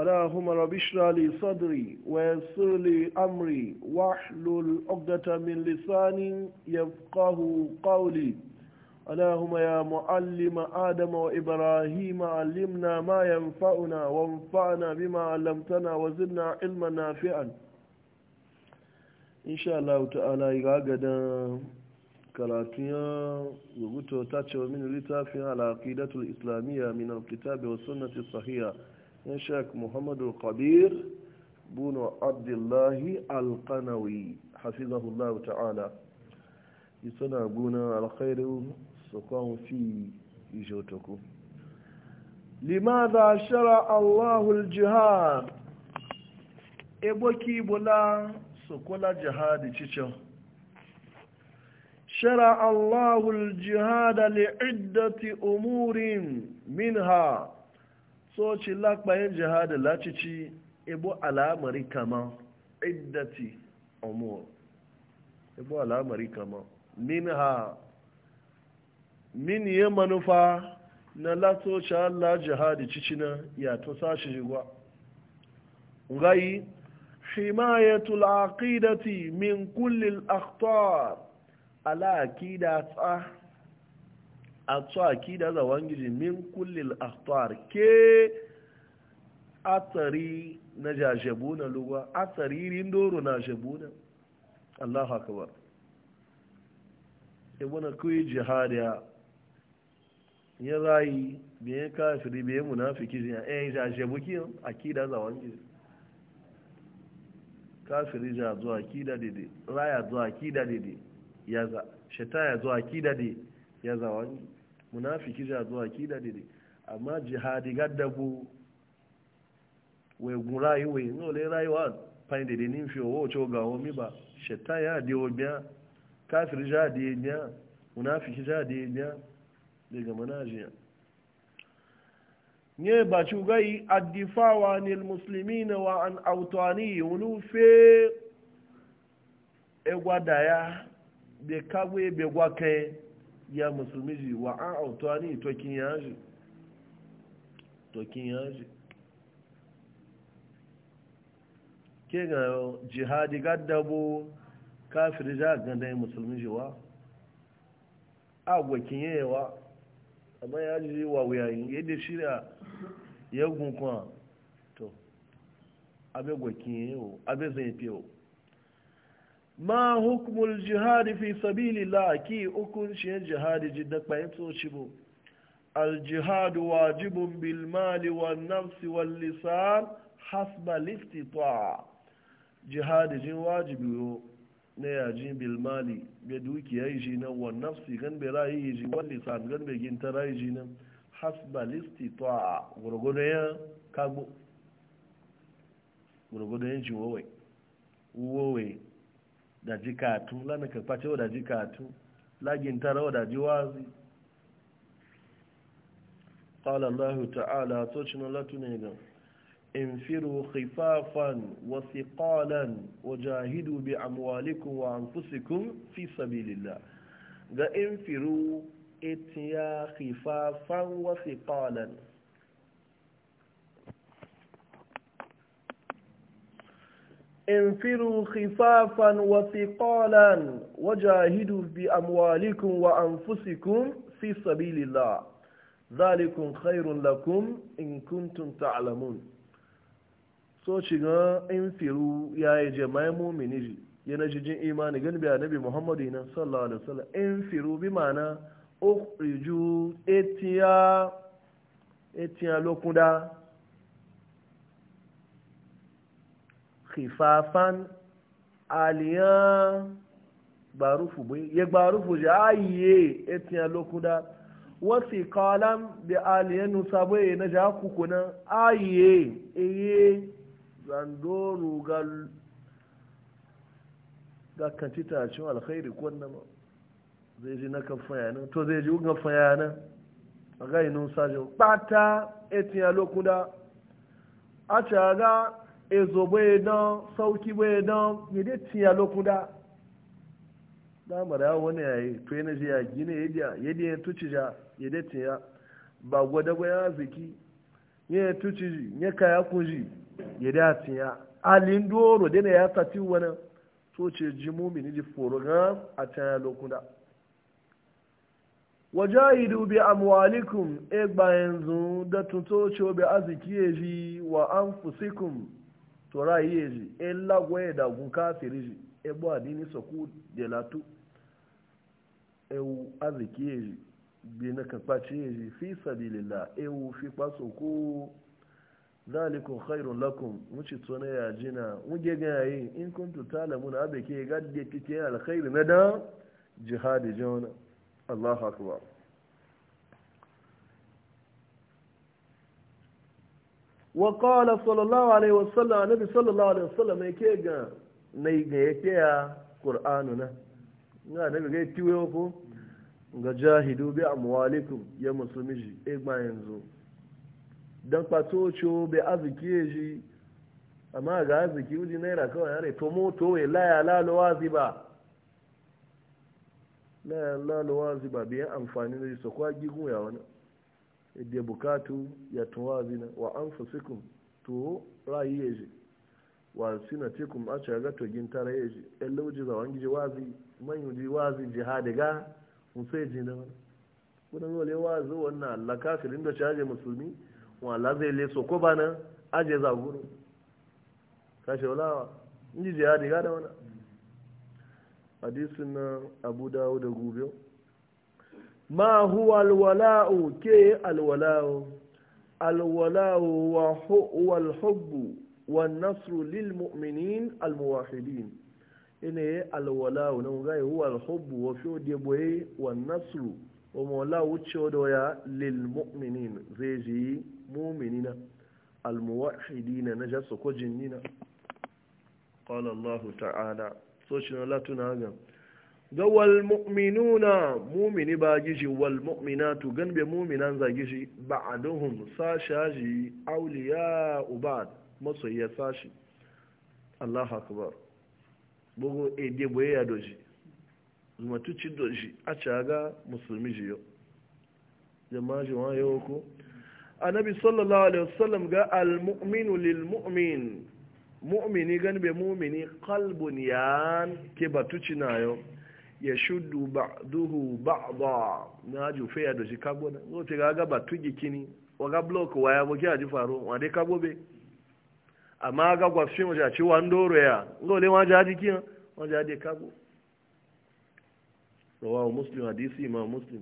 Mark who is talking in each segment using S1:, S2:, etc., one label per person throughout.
S1: اللهم رب اشرح لي صدري ويسر لي امري واحلل عقدة من لساني يفقه قولي اللهم يا معلم ادم وابراهيم علمنا ما ينفعنا وانفعنا بما علمتنا وزدنا علما نافعا ان شاء الله تعالى غدا كراتيا يغوتو تاتشو من لتافي على عقيدة الإسلامية من الكتاب والسنة الصحيحة yan shek muhammadu kabir bunu abdullahi alkanawi hafizahullahu ta'ala suna guna alkhairu su kwan fi ijotoku limaza shara allahul jihad eboki bula su kula jihadi cicin shara allahul jihada li'iddati umurin minha so ci lakpayin ci lacici ibo al'amari kama iddati umur ibo al'amari kama min ha min yi manufa na latoci Allah jihadi cicina ya to sashi jigwa gayi himayatul aqidati min kullil akhtar ala aqida tsa. a tsaki da zawangiji min kullil akhtar ke atari na jajabuna na lugwa atari ndoro na jajabuna. na Allah akabar ibuna e kuyi jihadiya ya rayi biyan kafiri biyan munafiki jiya eh jajabu kiyan akida zawangiji kafiri ja zuwa akida dede raya zuwa akida dede ya za shata ya zuwa akida dede ya zawangiji munafiki ja zuwa da dede amma jihadi gaddabu wai gun rayuwa yi nole rayuwa fain dede ni fi owo ocho ga omi ba shetta ya di obiya kafir ja di obiya munafiki ja di biya, daga manajiya ne ba shugai addifawa ne musulmi na wa an autoni wani fe egwadaya bekagwe begwake ya musulmi ji wa an autuwa ni tokin yaji tokin yaji ke ga jihadi gaddabo kafir ja ganda ya musulmi ji wa agwakin yayewa amma ya ji wa wuyayin yadda shirya ya gunkwa to abe gwakin yayewa abe zai fiyewa ma hukumul jihadi fi sabilillah ki hukuncin jihadi jidda kwayin tsoci bu aljihadu wajibun bil mali wan nafsi wal lisan hasba listita'a jihadi jin wajibi yo na yajin bil mali be dukiya yi na wan nafsi gan be rayi yi wal lisan gan be gin tarayi yi nan hasba listita'a gurgudu ya kagbo gurgudu yin jiwowai wowai da katu lana karface da katu lagin tara da ji قال الله تعالى توشنا لتنينا انفروا خفافا وثقالا وجاهدوا بأموالكم وأنفسكم في سبيل الله انفروا اتيا خفافا وثقالا انفروا خفافا وثقالا وجاهدوا بأموالكم وأنفسكم في سبيل الله ذلك خير لكم إن كنتم تعلمون so shiga infiru ya yi jama'i mumini ji yana jijin imani gani bi annabi muhammadu yana sallallahu alaihi wasallam firu bi ma'ana ukhriju etiya etiya kifafan aliyan gbarufu bai ya gbarufu ji ayiye etiyan lokuda wasu kalam da aliyan sabo bai e na ja kukunan aye eye zandoro gal ga kan ci tashin alkhairi ko nan zai ji na kan fayanin to zai ji ugan fayanin a ga inu sajin bata etiyan lokuda a ga ezo bai don sauki bai don yede dai ciya lokuda na mara wani ya yi to yana ji ya gina ya dai ya tuci ya yede ciya ba gwada gwaya arziki ya tuci ji ya kaya kunji ya a ciya alin doro dai ya tafi wani to ce ji mumini ji a ciya lokuda wajahidu bi amwalikum egba yanzu da tuto ce aziki arziki ya ji wa anfusikum to yi ezi en lagwaye da gun kafiri ji e bo adini soku de latu aziki ezi bi na kan ezi fi sabilillah e fi kwaso ku zalikun khairun lakum wuce tsona ya jina wuge yi in kuntu talamuna abeke ke gadde kike alkhairi na da jihadi jona Allahu akbar wa qala sallallahu alaihi wasallam annabi sallallahu alaihi wasallam yake ga nai ga yake ya qur'anu na na nabi ga tiwo ko ga jahidu bi amwalikum ya musulmi ji e gba yanzu dan pato cho be aziki ji amma ga aziki uji naira kawai yare to moto we la ya la lo waziba la ya la lo waziba bi amfani da su kwa gigu ya wani da bukatu ya tuwa zina wa an fasikun to rayu ya ji wa sina cikin a gato gin tara ya ji ɗan lauji za wani ji wazi manyan ji wazi jihadi ga ya ji na wani kuna lewa zuwa wannan allah kafirin da caje musulmi wa zai le so ko bana aje za guru kashe walawa in ji jihadi ga da wani hadisun na abu dawo da gubiyo ma huwa alwala'u ke alwala'u alwala'u wa huwa hubbu wa nasru lil mu'minin almuwahidin ine alwala'u na ngai huwa alhubbu wa fi odiye boye wa nasru wa mawla wuce odoya lil mu'minin zai ji mu'minina almuwahidina na jasa ko jinnina qala allah ta'ala so shi na latuna ga ga wal mu'minuna mumini ba gishi wal mu'minatu ganbe muminan za gishi ba'aduhum sashaji awliya ubad masoyiyar sashi Allah akbar bugu ede boye ya doji tuci doji a caga musulmi jiyo jama'a wa yau ko annabi sallallahu alaihi wasallam ga al mu'minu lil mu'min mu'mini ganbe mumini qalbun yan ke batuci na yau ya shuddu ba'duhu ba'da na jufe ya shi kabo na zo ce ga ba tugi kini wa ga block wa ya boki a ji faro wa dai kabo be amma ga gwafshi mu ja ci wa ndoro ya ngo le wa ja ji kin wa ja dai kabo rawahu muslim hadisi ma muslim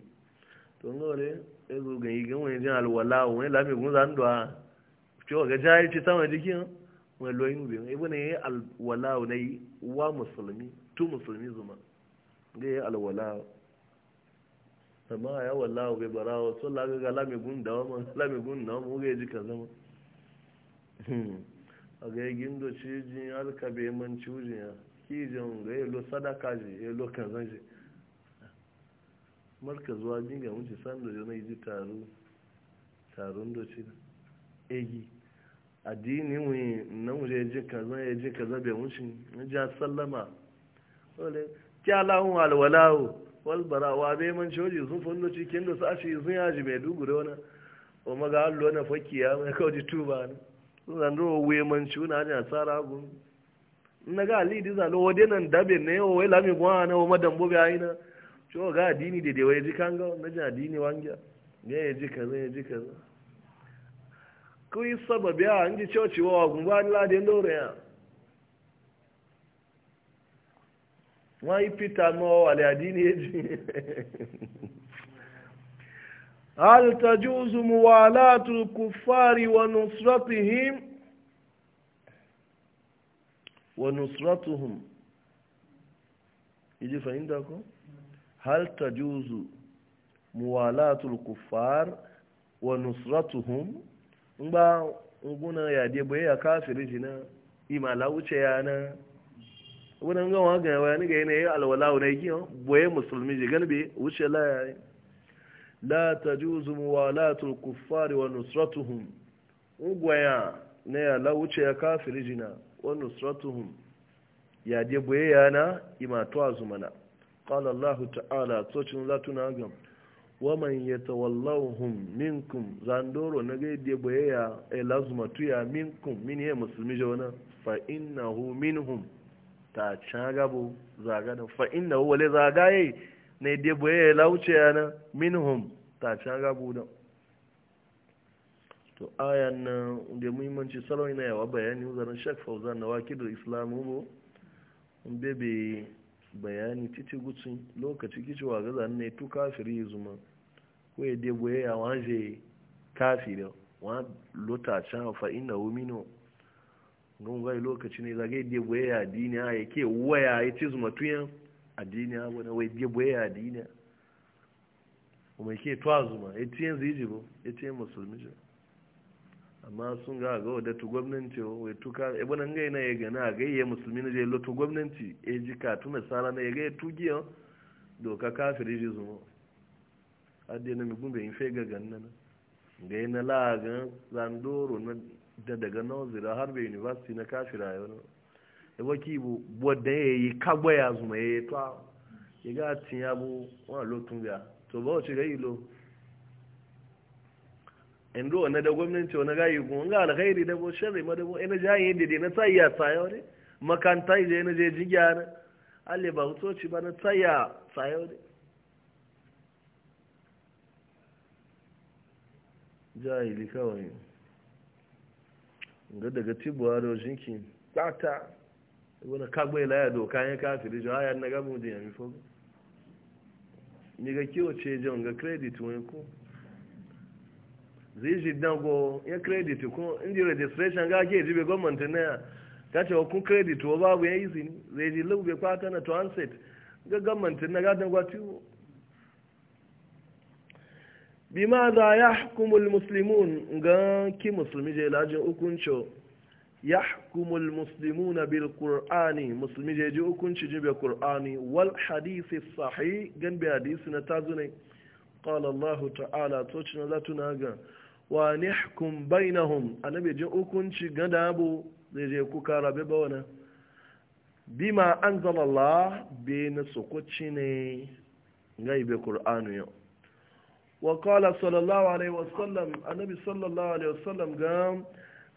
S1: to ngo le e zo ga yi ga wani jin alwala wani lami gun zan do a ci e wa ga ja ci sama jikin wani loyin be ibn alwala ne wa musulmi tu musulmi zuma ga yi alwala amma ya wallawa bai barawa so laga ga lamigun da wama lamigun na wama ga ji ka zama a ga yi gindo ci jin alka bai man ci wujin ya ki on ga yi lo sadaka ji ya lo kazan ji marka zuwa dinga wuce sando da na ji taro taron doci na egi addini wuyi na wuje ji kazan ya ji kazan bai wuce na ji sallama wale kyalawun alwalahu walbara wa bai man shoji sun fundo cikin da sashi sun yaji mai dugure wani o maga allo na fakiya mai kawai tuba ne sun zando wuye man ciwo na hajji tsara gun na ga ali diza lo wade nan dabe ne o wai lami gwa na o madan bobe aina to ga dini da da ya ji kanga na ji dini wanga ne ya ji kaza ya ji kaza kuyi sababi a an ji cewa cewa wa ba ni ladin dore ya wọ́n yí peter mọ́ wàlẹ̀ àdínì èjì alìtàjú zùmù wà látùkù fárí wọnù sọ́tìhìm wọnù sọ́tìhìm ìjì fẹ̀yìntà kọ́ alìtàjú zùmù wà látùkù fárí wọnù ń gbá yàdé bóyá káfìrí wuce yana wani gan wa ga wani ga ne alwala ne ki boye musulmi je galbe wuce la yayi la tajuzu muwalatul kuffari wa nusratuhum ugwaya ne ya la wuce ya kafiri jina wa nusratuhum ya je boye yana ima to azumana qala allah ta'ala tsocin latuna gam waman ya tawallahun minkum zandoro na boye ya a e lazumatu ya minkum min ya musulmi jauna fa innahu minhum ta can gabo zaga da fa inna wale zaga yi ne debo boye ya lauce ya nan minhum ta can gabo nan to ayan nan da muhimmanci salon yana yawa bayani uzarin shek fauzan na wakilin islamu bo bebe bayani titi gutsun lokaci kicewa ga na ne tu kafiri zuma ko ya debo boye ya wanje kafiri wa lota can fa inna wumino nun gai lokaci ne zage de boye addini a yake waya ya ci zuma tuyan addini a wani wai de boye addini a kuma yake tuwa zuma ya ci yanzu yi jibo ya ci musulmi jibo amma sun ga ga wadda tu gwamnati wai tuka ebe nan gai na ya gana a gai ya musulmi na je lotu gwamnati ya ji katu nasara na ya gai tugiyan doka kafiri ji zuma addini mai gumbe in fe ga ganna na gai na lagan zandoro na da daga nozira har bai university na kafi rayuwa da waki bu wadda ya yi kagba ya zuma ya yi ta ya ga cin ya bu wani lotun ga to ba wace ga ilo indo wani da gwamnati wani ga yi kuma ga alkhairi da bo sharri ma da bu ina jayin yadda dai na tsaya tsaya ne makanta je na je jigiya na alle ba hutoci ba na tsaya tsaya ne jahili kawai ga daga tibuwa da jinki tata wani kagbe laya doka ya kafiri jo haya na gamu da yami fogo ni ga kiwo ce jan ga credit wani ko zai ji dago ya kredit ku indi registration ga ke jibe gwamnati na ya ta ce wa kun credit wa babu ya izini zai ji lugbe kwata na transit ga gwamnati na gadon gwatiwo za ya hukumul musulmun ga ki musulmi je lajin hukunci ya hukumul na bil qur'ani musulmi je ji hukunci jibe qur'ani wal hadisi sahi gan bi hadisi na tazunai qala allah ta'ala to na zatu na ga wa nihkum bainahum annabi je hukunci ga dabo zai je ku kara ma an bima anzalallah bi sokoci ne ga ibe qur'anu yau وقال صلى الله عليه وسلم النبي صلى الله عليه وسلم قام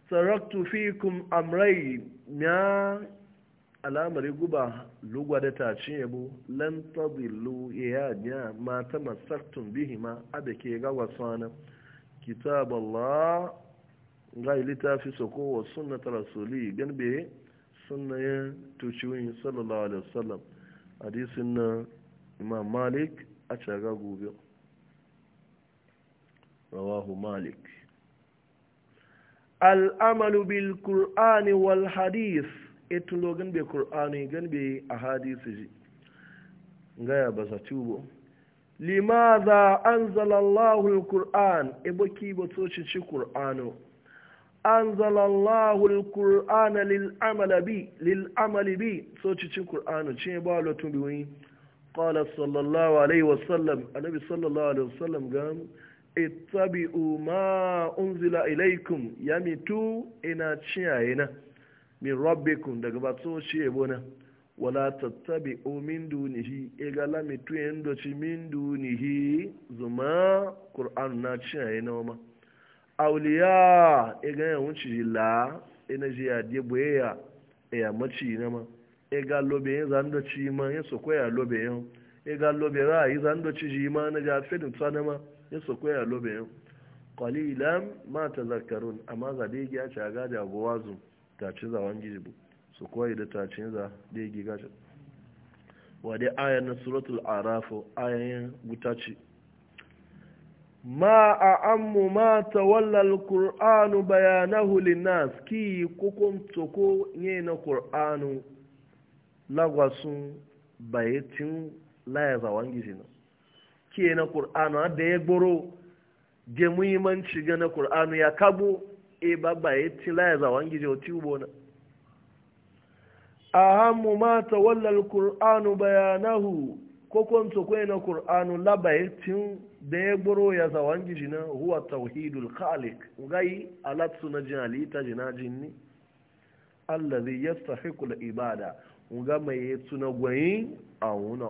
S1: تركت فيكم أمرين ما al'amari guba lugwa da ci yabo lan tadillu ya ya ma tamassaktum bihima abake ga wasana kitaballah ga littafi soko wa sunnat rasuli ganbe sunnayen tuciwin sallallahu alaihi wasallam hadisin na imam malik a caga gobe rawahu malik al'amalu bil qur'ani wal hadith itulo gan be qur'ani gan be ahadith ji ngaya basa tubo limadha anzala Allahu al-Qur'an iboki botoci ci Qur'ano anzala Allahu al lil-amali bi lil-amali bi soci ci Qur'ano ci ba lotun bi qala sallallahu alaihi alaihi gam ittabi'u ma unzila ilaikum mitu ina ciyaye na min rabbikum daga batso shi yabo na wala tattabi'u min dunihi ega lamitu yando ci min dunihi zuma qur'an na ciyaye na ma awliya ega yawun ci la ina ji ya de boyeya ya maci na ma ega lobe zando ci ma ya koya lobe yan ega lobe ra yi zando ci ji ma na ga fedin tsanama ma ya soko ya lobe yau qalilan ma tazakkarun amma za dai ya ci ga da gowazu ta ci za wangi bu su koyi da ta ci za dai gi gashi wa dai ayan na suratul araf ayan gutaci ma a ammu ma ta tawalla alqur'anu bayanahu linnas ki kukum ko ne na qur'anu lagwasun bayatin la ya za wangi jibu ke na ƙur'anu da ya gboro da muhimmanci ga na ƙur'anu ya kabo e babba ya tila ya wangi gije wa ugbo na mu ma ta tawallal ƙur'anu bayanahu ko kwanto kwaye na ƙur'anu ci da ya gboro ya wangi ji na huwa tauhidul khalik gai alatsu na jini. Allah ne allazi kula ibada nga mai tuna gwayin a wuna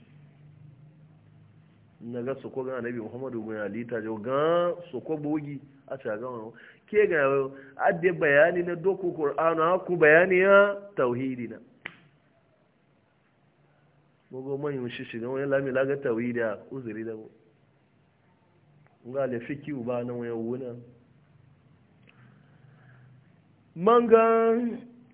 S1: na ga soko ga muhammadu bin ali jo ga soko bogi a ta ga wani ke ga adde bayani na doku qur'ana ku bayani ya tauhidi na bogo man yi shi shiga wani lami laga tauhidi a uzuri da mu nga le fiki uba na wani wuna manga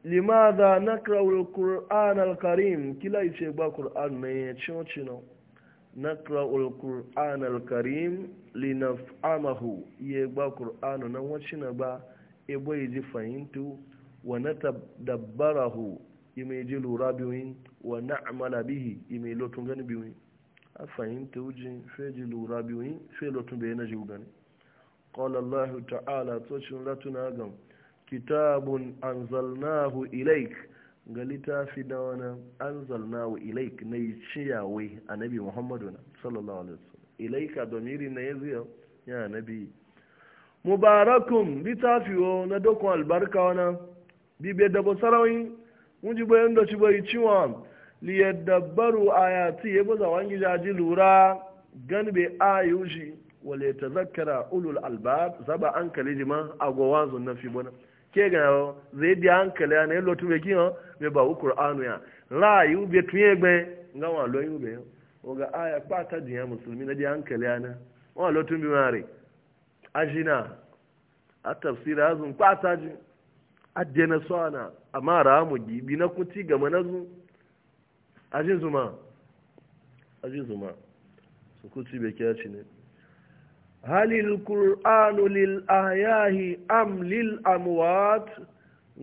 S1: limadha nakra al-qur'an al-karim kila ice ba qur'an ne cin al-qur'an al karim linaf'amahu ye gba qur'an nan wacce na ba ebo ji fahimtu wa natadabbarahu ime ji lura biwin wa na'mala bihi ime lotun gani biwin a fahimta wujin feji ji lura biwin fe lotun bai na ji gani qala allah ta'ala to latuna gam kitabun anzalnahu ilaik ga littafi da wani an wa ilaik na yi ciyawai a nabi muhammadu na sallallahu alaihi wasallam ilaika domiri na yanzu ya nabi mubarakun littafi wa na dokon albarka na, bibe da basarawin mun ji bayan da ci bai ciwa ya ci Ya za wangi jaji lura ganbe ayushi wale zakara ulul albab zaba an jima a agowa zun nafi bana ke ga yo zai bi hankali ya ne lotu be kiyo be ba qur'anu ya la yu be tuye gbe nga wa lo yu be yo o ga aya pa ta diya musulmi na di hankali ya na wa lotu bi mare ajina a tafsira azun pa ta ji adena sana amara mu gibi na kuti ga manazu ajin zuma ajin zuma su kuti be kiyaci ne هل القرآن للأحياء أم للأموات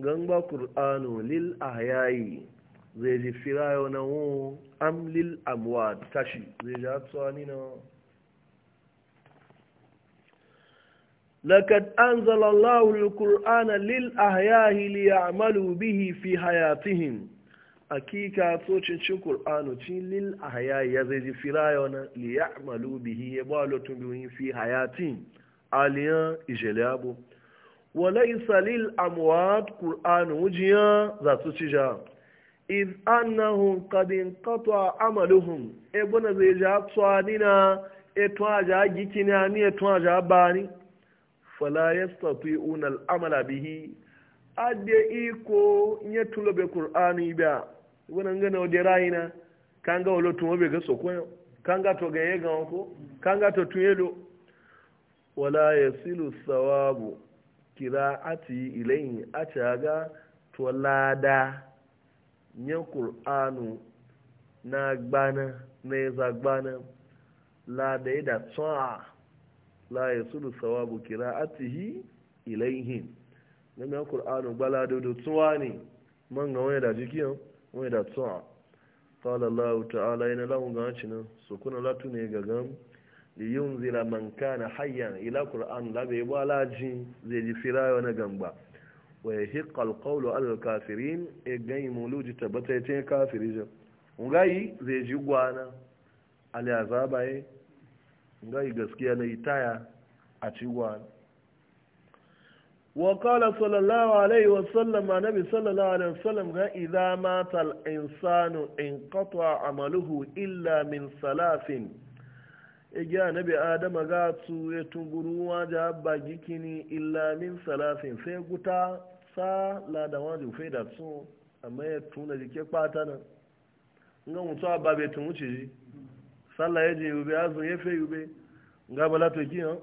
S1: غنبا قرآن للأحياء زي ji firayo ام للاموات تشي زي tashi لقد أنزل الله القرآن للأحياء ليعملوا به في حياتهم akika tsocin cin Kur'anu cin lil ahya ya zai ji firayo na li amalu bihi ya ba lotun bihi fi hayatin aliyan ijelabu wale isa lil amwat qur'anu wujiya za su ci ja iz kadin kadin inqata amaluhu, e bona zai ja tsanina e to ja gikina ni e to ja bani fala fi al amala bihi ade iko nye tulobe qur'anu ba wannan gana wajen rayina kan ga wani tun wabe ga sokoyo kan ga to gaye ga wanko kan ga to tun yado wala yasilu thawabu qira'ati ilayhi ataga to lada nye kur'anu na gbana na za gbana lada ya da tsa la yasilu thawabu qira'atihi ilayhim kur'anu qur'anu balado do tsuwani man ga wani da jikiyan wani da tsawa kala Allah ta'ala yana lahun ga nan su kuna latu ne ga gam li yun zira man kana hayyan ila qur'an la bai ba laji zai ji firayo na gamba wa yahiqqa alqawlu ala alkafirin e gai muluji tabata ta kafiri je ngai zai ji gwana ali azaba e ngai gaskiya na itaya a ci gwana وقال صلى الله عليه وسلم النبي صلى الله عليه وسلم إذا مات الإنسان انقطع عمله إلا من ثلاث إجا نبي آدم غاتسو يتنقروا جابا جيكني إلا من ثلاث فيقتا سا لا دوانجو فيداتسو أما يتونا جيكي قاتنا nga mutu a babe tun wuce ji sallah ya je yube azun ya fe yube nga ba lato kiyan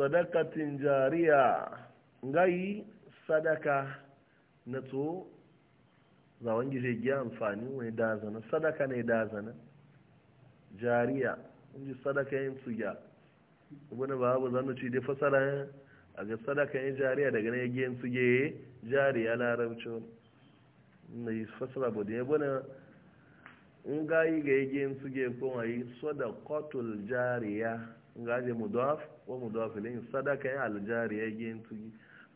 S1: sadakatin jariya ngai sadaka na to zawon gije giya amfani wani dazana sadaka ne dazana jariya inji sadaka yin tsuya wani babu zanu ci da fasara a ga sadaka yin jariya daga ne giyan tsuye jariya larabci na yi fasara bude ya bane nga yi ga yi gen su ge kuma yi sadaqatul jariya nga je mudaf wa mudaf ilayhi sadaka ya al jariya gen su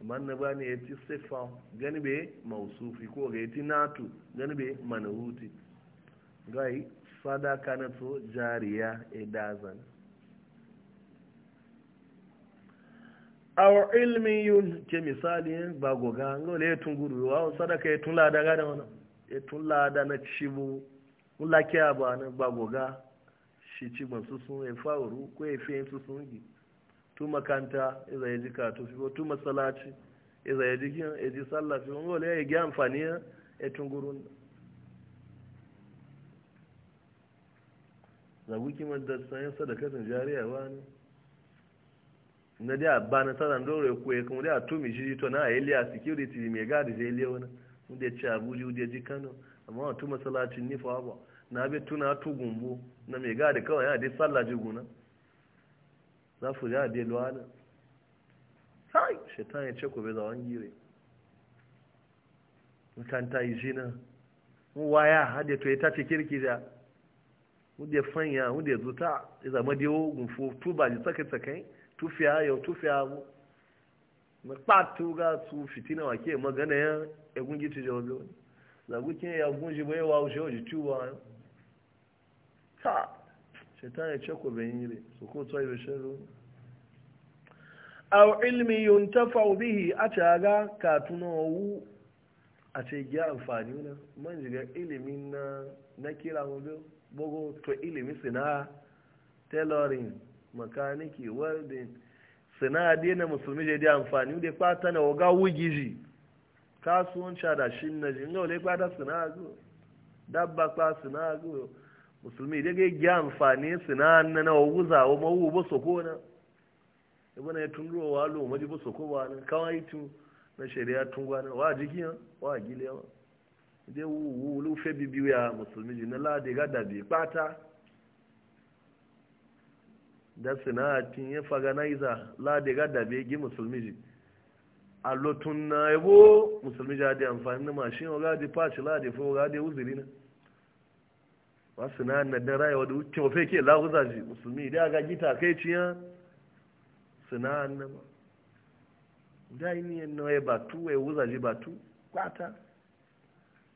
S1: amma na ba ne yati sifa gani be mausufi ko ga yati natu gani be manhuti nga yi sadaka na to jariya e dazan aw ilmiyun ke misali ba goga ngole tunguru wa sadaqa e tun lada ga da wannan ya e tun lada na cibu wulake ba na gbagoga shi ci ban su sun efa wuru ko efe yin su sun gi tu makanta iza ya ji kato fi tu masalaci iza ya ji giyan ya ji sallah fi wani wale ya gi amfani ya tungurun zagu kimar da sayan sadakatin jariya ba ne na dai abba na tsaron dore kuwa kuma dai a tumi shi to na a yi liya security mai gadi zai liya wani wanda ya ci abuja wanda ya ji kano amma wato masalacin ni fa na bi tuna tu gumbo na me gadi kawai yana dai sallah ji guna za su ja dai luwana sai shaitan ya ce ku bai zawon gire makanta yi jina mu waya hade to ita ce kirki da mu da fanya mu da zuta ma madiwo gumfo tu ba ji saka sakai tu fiya yau tu fiya mu na patu ga su fitina wake magana ya egungi ci jawabi wani zagukin ya gunji bai wa wuce waje tuwa ta shaitan ya ceko bayan yi su ko tsaye da shirin aw ilmi yuntafa faubihi a taga ka tunawu a ce gya amfani na man jiga ilimi na na kira mabe bugu to ilimi sina tailoring makaniki welding sina dina musulmi da dai amfani da fata na waga wugiji kasuwanci da shi na jin yau ne kwata sinago dabba kwa sinago musulmi da ga gya amfani sinan na nawa guza wa mawu ba so kona ibana ya tun ruwa walo maji ba so ko ba na kawai tu na shari'a tun gwana wa ya wa gile wa da wu lu fe bibiyu ya musulmi jin na lade ga da bi kwata da sinatin ya faganiza lade ga da bi gi musulmi jin a lotun na yabo musulmi ja di amfani na mashin wa gadi fashi ladi fi wa gadi uzuri na wasu na na dan rayuwa da wuce wafe ke laguza shi musulmi da aka gita kai ciya suna na ba da yi niyan na ya batu ya wuza shi batu kwata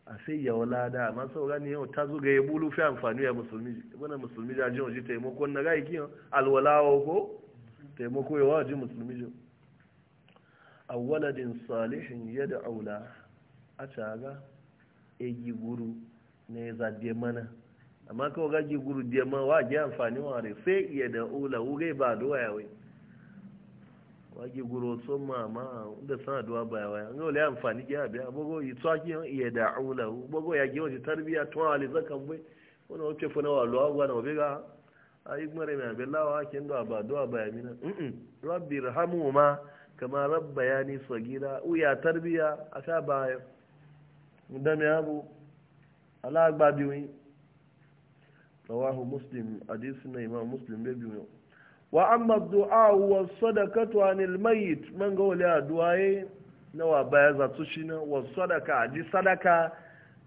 S1: a sai yawa lada amma sau gani yau ta zo ga ya bulu fi amfani ya musulmi wani musulmi ja jin waje taimako na ga ikiyan alwalawa ko taimako ya waje musulmi jin a waladin salihin ya da aula a caga yi e guru na ya zaɗe mana amma kawai gaji guru da ma wa ji amfani wa rai sai iya da ula wugai ba duwa yawai wagi guru so ma ma da sana duwa ba yawai an gaule amfani ki abi abogo yi tsaki iya da ula abogo ya gi wata tarbiya a ali kan bai wani wace funa wa luwa gwana wa biga a yi mara mai abin lawa kin da ba duwa ba yamina rabbi rahamu ma kamar rabba ya nisa gida uya tarbiya a sha bayan dami abu alagba biyu rawahu muslim hadisi na imam muslim bai biyu wa amma du'a wa sadakatu anil mayit man ga wali addu'aye na wa baya za su shi na wa sadaka ji sadaka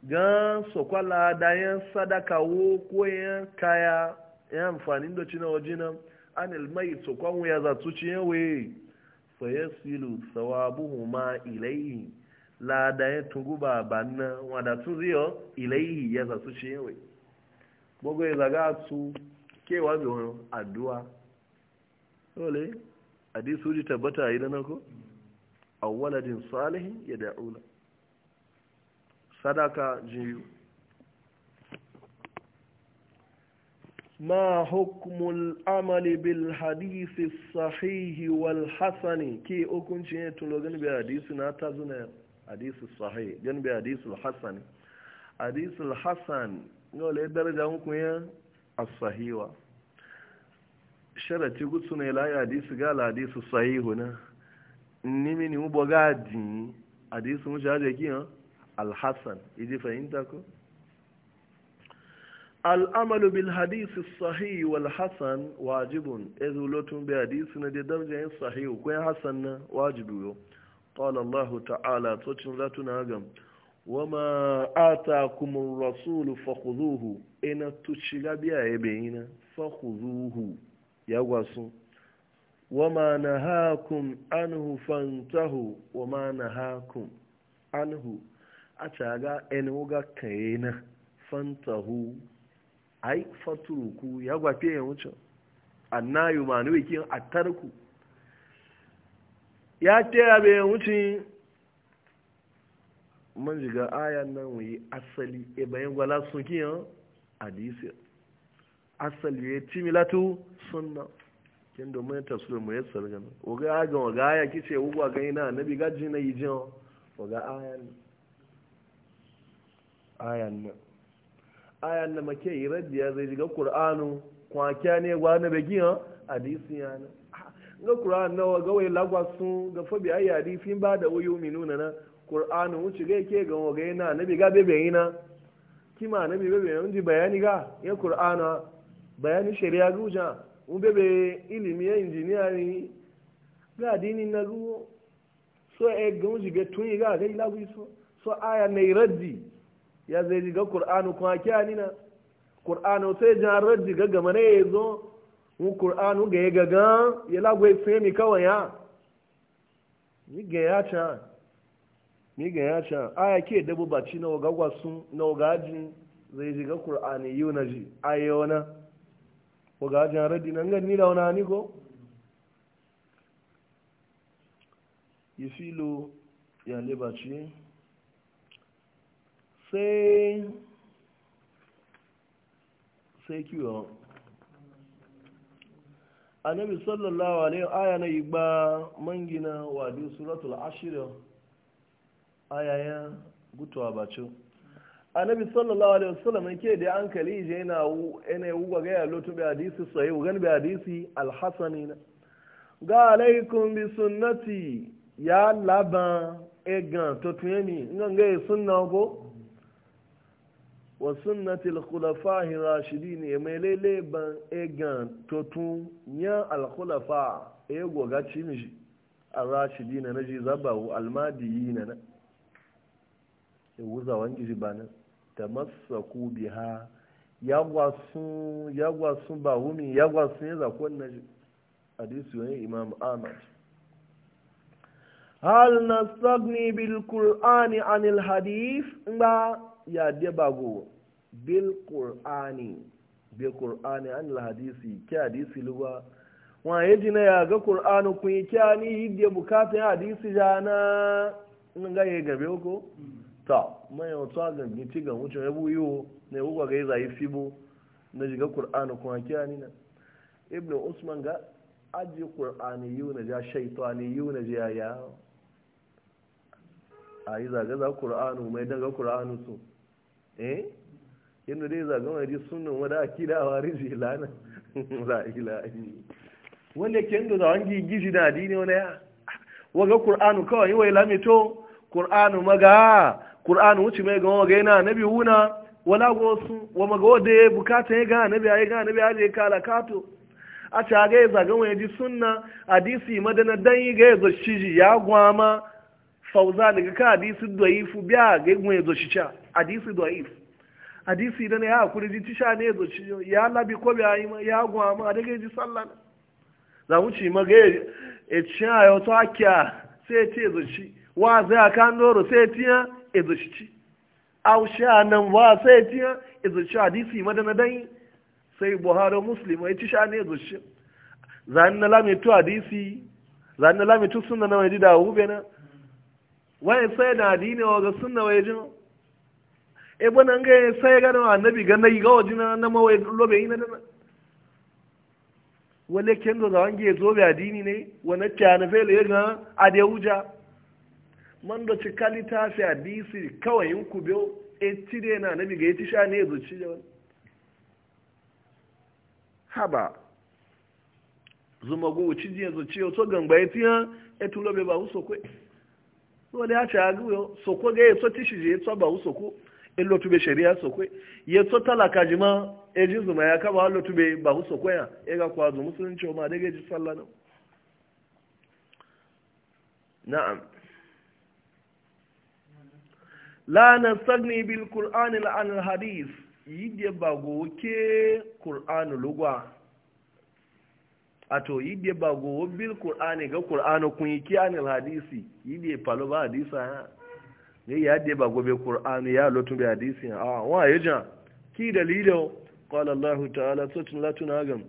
S1: ga sokwala da yan sadaka wo ko yan kaya yan amfani da cina waje nan anil mayit sokwan wuya za su shi yan weye fayasilu sawabuhuma ilaihi lada ya tungu baban nan wada tun riyo ilaihi ya zasu ce yawai gbogbo ya zaga su kewa bi wani addu'a dole hadisu ji tabbata a idan ko awwaladin salihin ya da'ula sadaka jiyu ما حكم العمل بالحديث الصحيح والحسن كي أكون شيء تلوغن بحديث ناتازنا حديث الصحيح جن بحديث الحسن حديث الحسن نقول درجة ممكن الصحيح sharati gutsuna ila ya hadisi gala hadisi sahihu na nimi ni mu bogadi hadisi mu jaje kiyan alhasan idi fahimta ko al'amalu bil hadisi sahi wal hassan wajibun ezu lotun bi hadisi na da damjayin sahihi ko hasan na wajibu yau qala allah ta'ala tsocin zatu na gam wama atakum kuma rasul fakuzuhu ina shiga biya hu, wa yagwasu wama hakun anhu fantahu wama nahakum anhu ataga enuga kayena fantahu ai faturuku ya gwafe ya wuce annayu ma ni wikin attarku ya tera bai ya wuce man jiga ayan nan wuyi asali e bayan gwala sun kiyan hadisi asali ya ci milatu sunna kin domin tafsir mu ya sarga nan oga aga oga aya kice ugwa ga ina annabi gaji na yi jin oga ayan ayan nan aya na make yi raddi ya zai ga qur'anu kwakya ne gwa na begi ha hadisi ya na ah, ga qur'an nawa ga wai lagwa ga fabi ayi hadisin ba da wayo minuna na qur'anu wuce ga yake ga waga yana nabi ga bebe yana kima nabi bebe yana ji bayani ga ya qur'ana bayani shari'a guja mu bebe ilimi ya injiniya ne ga dinin na ruwo so e ga wuce ga tun yi ga ga ilagwi so aya na raddi ya zai ji ga qur'anu kuma kya nina ƙur'anu sai jan raddi ga gama na yazo mu ƙur'anu ga ya gaga ya lagwe femi kawai ya ni ga ya ta ni ga ya aya ke dabu baci na ga wasu na ga jin zai ji ga yi yuna ji ayona ko ga jan raddi nan ga ni da wani ni ko filo ya lebaci sai sai kiwo annabi sallallahu alaihi aya na igba mangina wadi suratul ashir aya ya gutuwa bacin annabi sallallahu alaihi wasallam yake da ankali je yana yana wuga ga ya lotu bi hadisi sahih gan bi hadisi al ga alaikum bi sunnati ya laban egan to tuyemi nganga sunna go wa sunnatil khulafahi rashidin e mai ban egan totun ya al khulafa e goga cimishi al rashidin na ji zabawu al madiyina na e wuza wangi ji bana tamassaku biha yagwasun yagwasun ba humi yagwasun ya zakon na hadisi wani imam ahmad hal nastagni bil qur'ani anil hadith ba ya debago bil qur'ani bil qur'ani an la hadisi ki hadisi luwa wa yaji na ya ga qur'anu kun kya ni hidde bukata hadisi jana nga ye gabe ko mm. ta mai wata ga giti ga wuce ya buyo ne uwa ga yi fibo na jiga qur'anu kun kya ni na ibnu usman ga aji qur'ani yuna ja shaytani yuna ja ya yi zaga za qur'anu mai daga qur'anu su eh yadda dai zagon wari sunan wada akida a wari zilana la ilaha wanda ke ndo da wangi gizi da adini wani ya waga qur'anu kawai yi wai lamito qur'anu maga qur'anu wuce mai gawa ga yana nabi huna wala gosu wa maga wada ya bukata ya ga nabi ya ga nabi ya je kala kato a ta ga ya zagon wani ji sunna hadisi madana dan yi ga ya zo ya gwama fauza daga ka hadisi doyi fu biya ga gwani zo shi cha hadisi da'if hadisi da ne ya hakuri ji tisha ne ya ci ya labi ko bi ayi ya gwa a da ji sallah za mu ci ma ga e ci ayo to akia sai ti ci wa za kan doro sai ti ya e ci au sha nan wa sai ti ya e ci hadisi madana dai sai buhari muslim e tisha ne ya ci zan na lami to hadisi zan na lami to sunna na mai da na wai sai da dini wa ga sunna wai jin e bana nga sai ga na annabi ga nayi ga wajina na mawai lobe yi na wale kendo da wange zo bi adini ne wana kyana fele ga adewuja man do cikali ta fi hadisi kawai yin ku biyo eti de na annabi ga ti sha ne zuci da wani haba zuma go ci je zo ci o to gamba eti ha etu lobe ba usokwe wale a cha agu yo sokwe ga eto ti shi je to ba usokwe in lotube shari'a sokwe ya so talaka jima e ji zuma ya kaba lotube ba hu sokwe ya e ga kwazo musulunci ma daga ji sallah na na'am la nastagni bil qur'ani la an al hadith yide ba go ke qur'anu lugwa ato yide ba go bil qur'ani ga qur'anu kun yi ki an al yi yide palo ba hadisa ha ni ya de ba gobe qur'ani ya lotun bi hadisi ah, a wa yaja ki dalilo qala allah ta'ala sutun la tunagam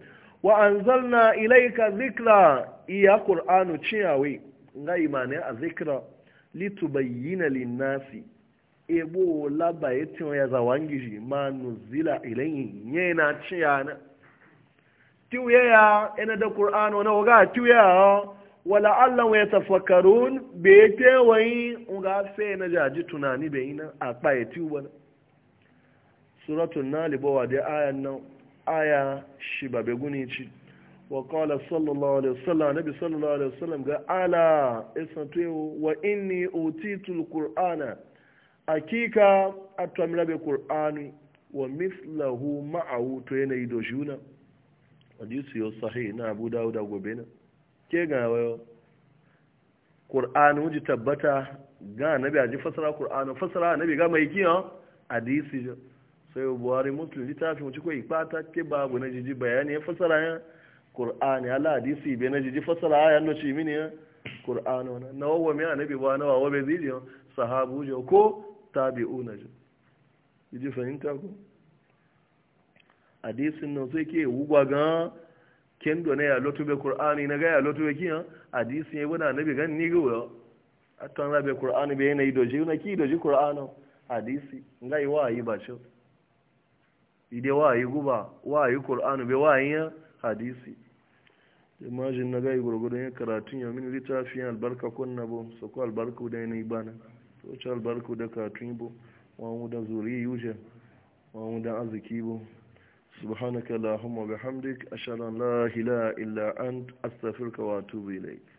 S1: wa anzalna ilayka dhikra ya qur'anu ciyawi nga imane azikra litubayyana lin-nasi ebo laba etin ya zawangiji ma nuzila ilayhi yana ciyana tiwaya ena da qur'anu na waga tiwaya wala Allah wa yatafakkarun be te wai unga fe na jaji tunani be ina a paye ti wani suratul nal bo wa de ayan nan aya shi babe guni ci wa qala sallallahu alaihi wasallam nabi sallallahu alaihi wasallam ga ala isantu wa inni utitul qur'ana akika atwamira be qur'ani wa mithlahu ma'a to yana ido shuna hadisi yo sahih na abu dawud na ke ga Qur'an wuji tabbata ga na a ji fasara Qur'an fasara annabi ga mai kiyan hadisi sai Buhari Muslim litafi mu ci ko ipata ke babu na jiji bayani ya fasara ya Qur'an a hadisi be na jiji fasara ya no ci mini Qur'an na nawawa mai annabi ba nawawa be zidi sahabu jo ko ji fahimta ko nan sai ke wugwa ga do ne ya lotu be qur'ani na ga ya lotu be kiyan hadisi ya bana nabi gan ni go atan ra be qur'ani be na idoji na ki idoji qur'ano hadisi ngai wa yi ba cho ide wa yi guba wa yi qur'ano be wa yi hadisi imagine na ga gurgudu ya karatun ya min litafiyan albarka kunna bo so ko albarku da ne bana to cha albarku da karatun bo wa mu da zuri yuje wa mu da azuki bo subhanaka allahumma bihamdik ashhadu an la ilaha illa ant astaghfiruka wa atubu ilayk